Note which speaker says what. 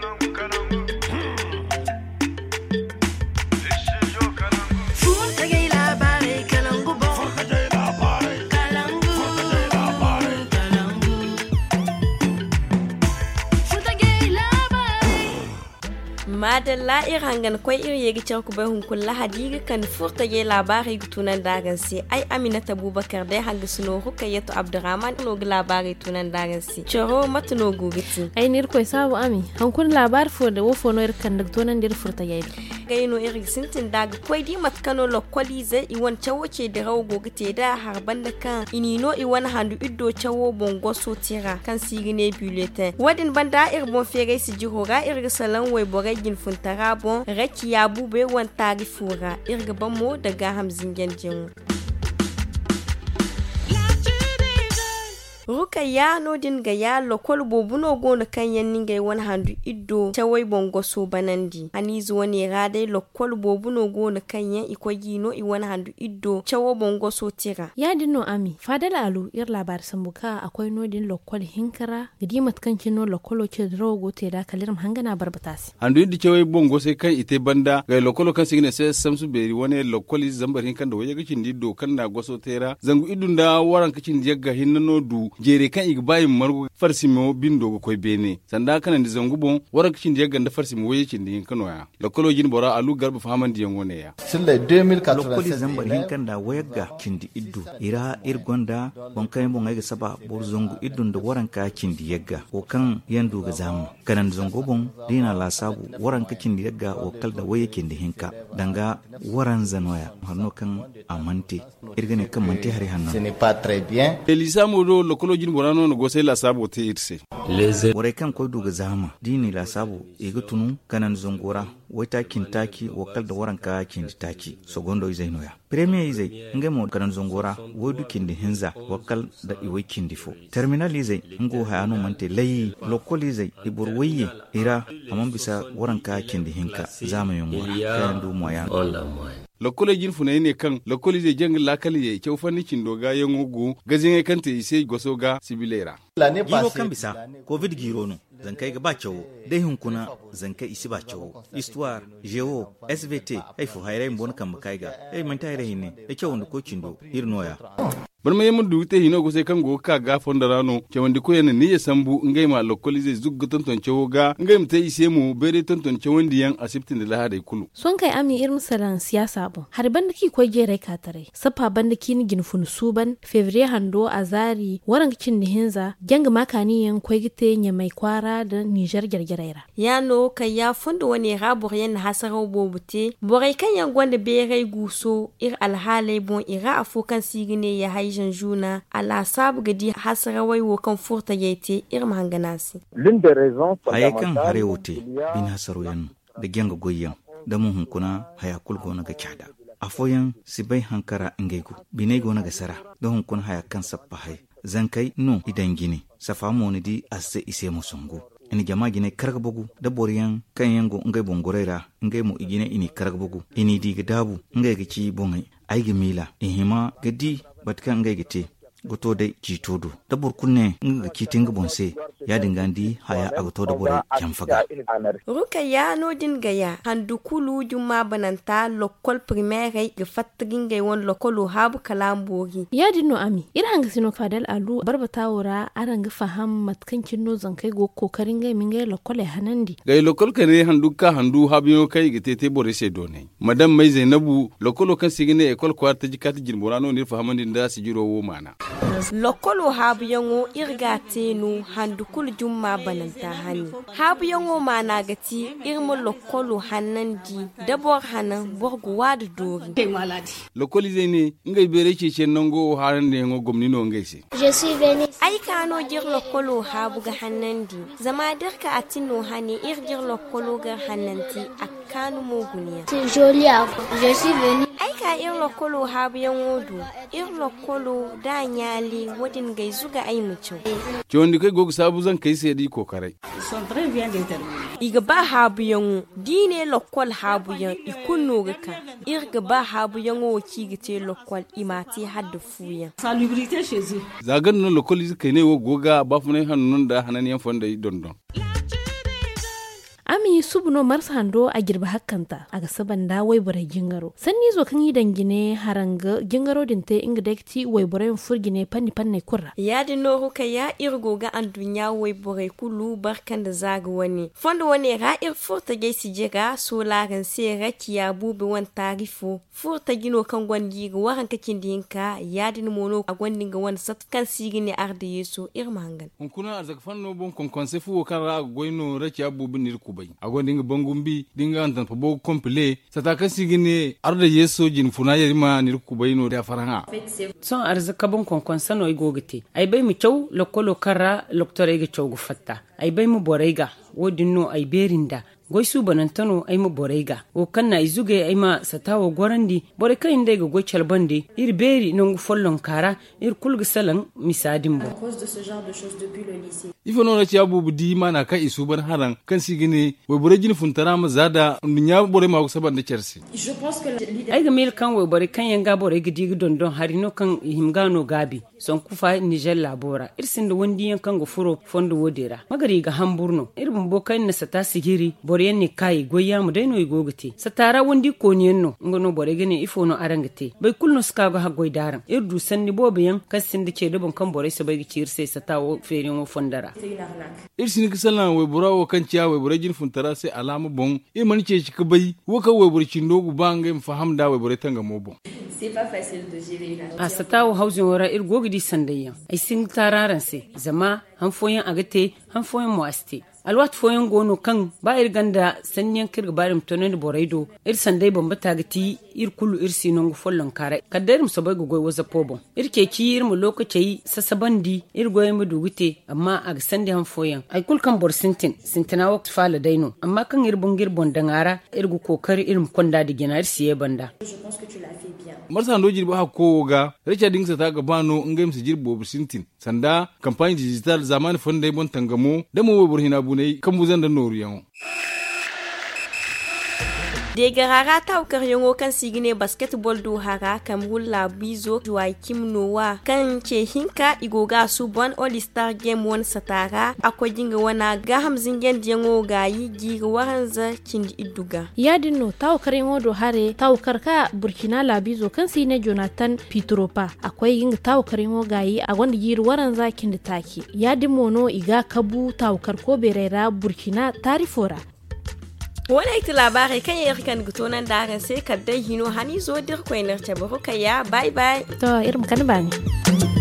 Speaker 1: caramba, caramba.
Speaker 2: madalla irangan koy ir yegi char ku hun ko lahadi kan furta ye labari tunan dagan si ay aminata Boubacar de hanga suno un yeto abdurrahman no labari tunan dagan
Speaker 1: si choro de nir koy ami hankun labar fo de wofo no dir furta
Speaker 2: gaino irin sintin daga kwai di matkano lokoli zai iwan cawo ce da rawo gogi te da harban da kan inino iwan handu iddo cawo bongo so tira kan sigine bulete wadin banda ir bon fere si ji ga ir salan wai bore gin funtara bon rekiya bube wan tari fura ir gaban mo daga hamzin genjin. ruka ya no ga ya lokol bobuno gona kan yan ninga wani handu iddo ta wai bongo so banandi ani zuwa ne radai lokol bobuno gona kan yan iko gino i wani handu iddo ta wai
Speaker 1: bongo so tira ya dinno ami fadal alu ir labar sambuka akwai no din lokol hinkara gidimat kan kino lokolo ke drogo te da kalirim hangana barbatasi
Speaker 3: handu iddo ce wai bongo sai kan ite banda ga lokolo kan sigine sai samsu beri wani lokoli zambar hinkan da waje gicin iddo kan na goso tera zangu idun da waran kicin jagga hinno du jere kan iga bayin margo farsimo bin dogo koi bene sanda kana ndi zangu bon warak cin de ganda farsimo waye cin din kano ya lokolo jin bora alu garba faman di ngone ya
Speaker 4: sille 2014 lokoli zambar hin kan da wayagga kindi iddu ira ir gonda bon kai mo ngai saba bor zangu iddun da waran ka kindi yagga o kan yandu ga zamu kanan zangu bon dina la sabu waran ka kindi yagga o da waye kindi hinka danga waran zanoya hanno kan amante irgane kan mante hari hanno ce ne pas très bien
Speaker 3: elisa modo kolo jin borano no gose la sabo te irse leze
Speaker 4: wore kan ko duga zama dini la sabo e ga tunu kanan zongora wata kintaki wakal da waran ka kintaki sogondo izai noya premier izai nge mo kanan zongora wodu kindi hinza wakal da iwe kindi fo terminal izai ngo hayano mante layi lokol izai ibur weye ira amman bisa waran ka kindi hinka zama yungora kayan du moya
Speaker 3: lokole jin funa ne kan lokole je jeng lakali ya kyau fani kin doga ugu ngugu gazin ye kante ise goso ga sibilera giro kan bisa
Speaker 4: covid giro no zan kai ga bacewo dai hunkuna zan kai isi bacewo histoire geo svt ai fu haire bon kan makai ga ai man tayre ne e kyau no ko do, irnoya
Speaker 3: barma yamma du te hino go se kan go ka ga fonda rano ke wandi ko yana niye sambu ngai ma lokalize zai zugga tonton cewo ga ngai mu tai mu bere tonton ce wandi yan asibtin da lahada kulu
Speaker 1: son kai amni irin salan siyasa bon har bandaki ko gerai ka tare safa bandaki ni ginfun suban fevrier hando azari waran kin ni hinza ganga makani yan ko gite nya mai kwara da niger gergeraira
Speaker 2: ya no kai ya fonda wani rabur yan hasaro bobute borai kan yan gwanda bere guso ir alhalai bon ira afukan sigine ya hayi Asian juna la sabu gidi hasara waiwo kan furta yaite irin hanganasi.
Speaker 4: Haye kan hare wote bin hasaro yan da gyanga goyen da mun hunkuna haya kulgo na ga kyada. A foyan si bai hankara ingaigu binai gona ga sara da hunkun haya kan sabba hai. Zankai no idan gini safa moni di ase ise musungu. ini jama gine karagbogu da boriyan kan yango ngai bongorera ngai mu igine ini karagbogu ini di ga dabu ingai ga ci bongai ai mila ihima batkan kan gite goto dai ki todo da burkune nga kiti bonse dingandi haya da bore ya
Speaker 2: rukaya nodin gaya handu kulu juma bananta lokol primaire ga fattigin ga won lokolu habu
Speaker 1: kalambogi yadin no ami ira hanga sino fadal alu barbata wora aranga faham matkan kinno zankai go kokarin ga min gay lokole hanandi
Speaker 3: Ga lokol kane handu ka handu habu yo kai ga tete bore se ne. madam mai zainabu lokolo kan sigine ekol kwarta jikati n'o ne fahamandi nda jiro wo mana
Speaker 2: lokolo habu yango irga tenu handu kul jumma bananta hani habu yango ma na gati irmu lokolu hannan di dabor hanan borgu wadu dori
Speaker 3: lokoli ne ngai bere ce ce go haran da yango gomni no ngai se
Speaker 2: ai kano jir lokolu habu ga hannan di zama dirka atino hani ir jir lokolu ga hannan ti akanu muguniya je suis venu Haka lokolo habiyan wodu, lokolo da nyali wadin gai zuga ai mucin.
Speaker 3: Ki wanda kai gogu sabu zan kai sai di kokarai.
Speaker 2: Iga ba habiyan wo, dine lokol habiyan ikun noga ka. Irga ba habiyan wo ki gite lokol
Speaker 1: imati hadda fuya. Salubrite shezi.
Speaker 3: Zagan nan lokol kai ne wo goga ba funai hannun da hananiyan yan don don.
Speaker 1: ami subno marsando a girba Agasabanda aga Jungaro. Sani jingaro sanni kan yi dangine haranga jingaro dinte inga dekti waibore furgine panni panne kurra
Speaker 2: yadi no kulu barkan da wani fondo wani ra ir furta gai si jira so lagan se ya bubi wan furta gino kan ga waran mono a arde irmangan
Speaker 3: Unkuna arzak fondo bon kon konsefu kan ra bai agon dinga bi dinga antan fa bogo komple sata kasigine arda yeso jin funa ku bai no da faranga
Speaker 5: son arzika kon kon sano igogite ai bai mu kyau lokolo kara loktore ga kyau gufatta ay bay mo boreyga wodin no ay berinda goy subanantano ay ma boreyga wo kanna izuge ay ma satawo gorandi bore ka indayga goy bandi ir
Speaker 3: beri nongu follon kara ir kulga salan misadin bo ifo nono ci abubu di mana ka isu ban haran kan sigine wai bore jini funtara ma zada nya bore ma saban da cersi
Speaker 5: ay ga mil kan wai bore kan yanga bore gidi don don harino kan himgano gabi son kufa niger labora irsin da wani yankan ga furo fondo wodera magari ga hamburno irbin boka na sata sigiri boryen ni kai goya mu dai noi gogite satara wandi koniyen no ngono bore gene ifo no arangite bai kulno ska ga hagoi
Speaker 3: daran ni sanni yan
Speaker 5: kan sin da ce dubun kan bore sa bai ci irse sata wo ferin wo fondara
Speaker 3: irsin ki sallan wai bura wo kan ciya wai bura jin funtara sai alamu bon e man ce shi ka bai wo ka wai bura cin dogu ba ngai mu fahamda wai bura tanga mo bon
Speaker 5: a satawo hauzin wara irgogi kudi sandayan Ay sin tararan se zama han foyan agate han foyan mu alwat foyin gono kan ba ir ganda sanyen kirga barim tonen boraido ir sandai bamba tagiti ir kulu ir sinongu follon kare kaddarim sabai go goy waza pobo ir keki ir mu lokaci sasabandi ir goy mu dugute amma ag sande han foyin ai kul kan bor sintin sintina wakt fala daino amma kan ir bungir dangara ir go kokari ir konda de gina ir siye banda
Speaker 3: marsa ndo jirbo ha ga richard sa ta bano ngem si jirbo sintin sanda campagne digital zamani fonde bon tangamo demo wo bor hina comme vous êtes de Nourion. Hein.
Speaker 2: De daga rara ta karyon kan sigine basketball do hara bizo labizo kim nowa kan ce hinka igoga su bon all star game wani satara akwai jinga wana ga hamzin gendiyan gayi giga waranza cindi iduga
Speaker 1: Ya no ta karyon do hare ta ka burkina bizo kan sine jonathan pitropa akwai ginga ta ga gayi a wanda giri waranza kindi take ya mono iga kabu ta ko berera burkina tarifora
Speaker 2: haiti labarai kan yi kan gutonan darin sai kaddai hino hani zo dirkwainar tabaruka ya bye bye
Speaker 1: to irin kan ba ne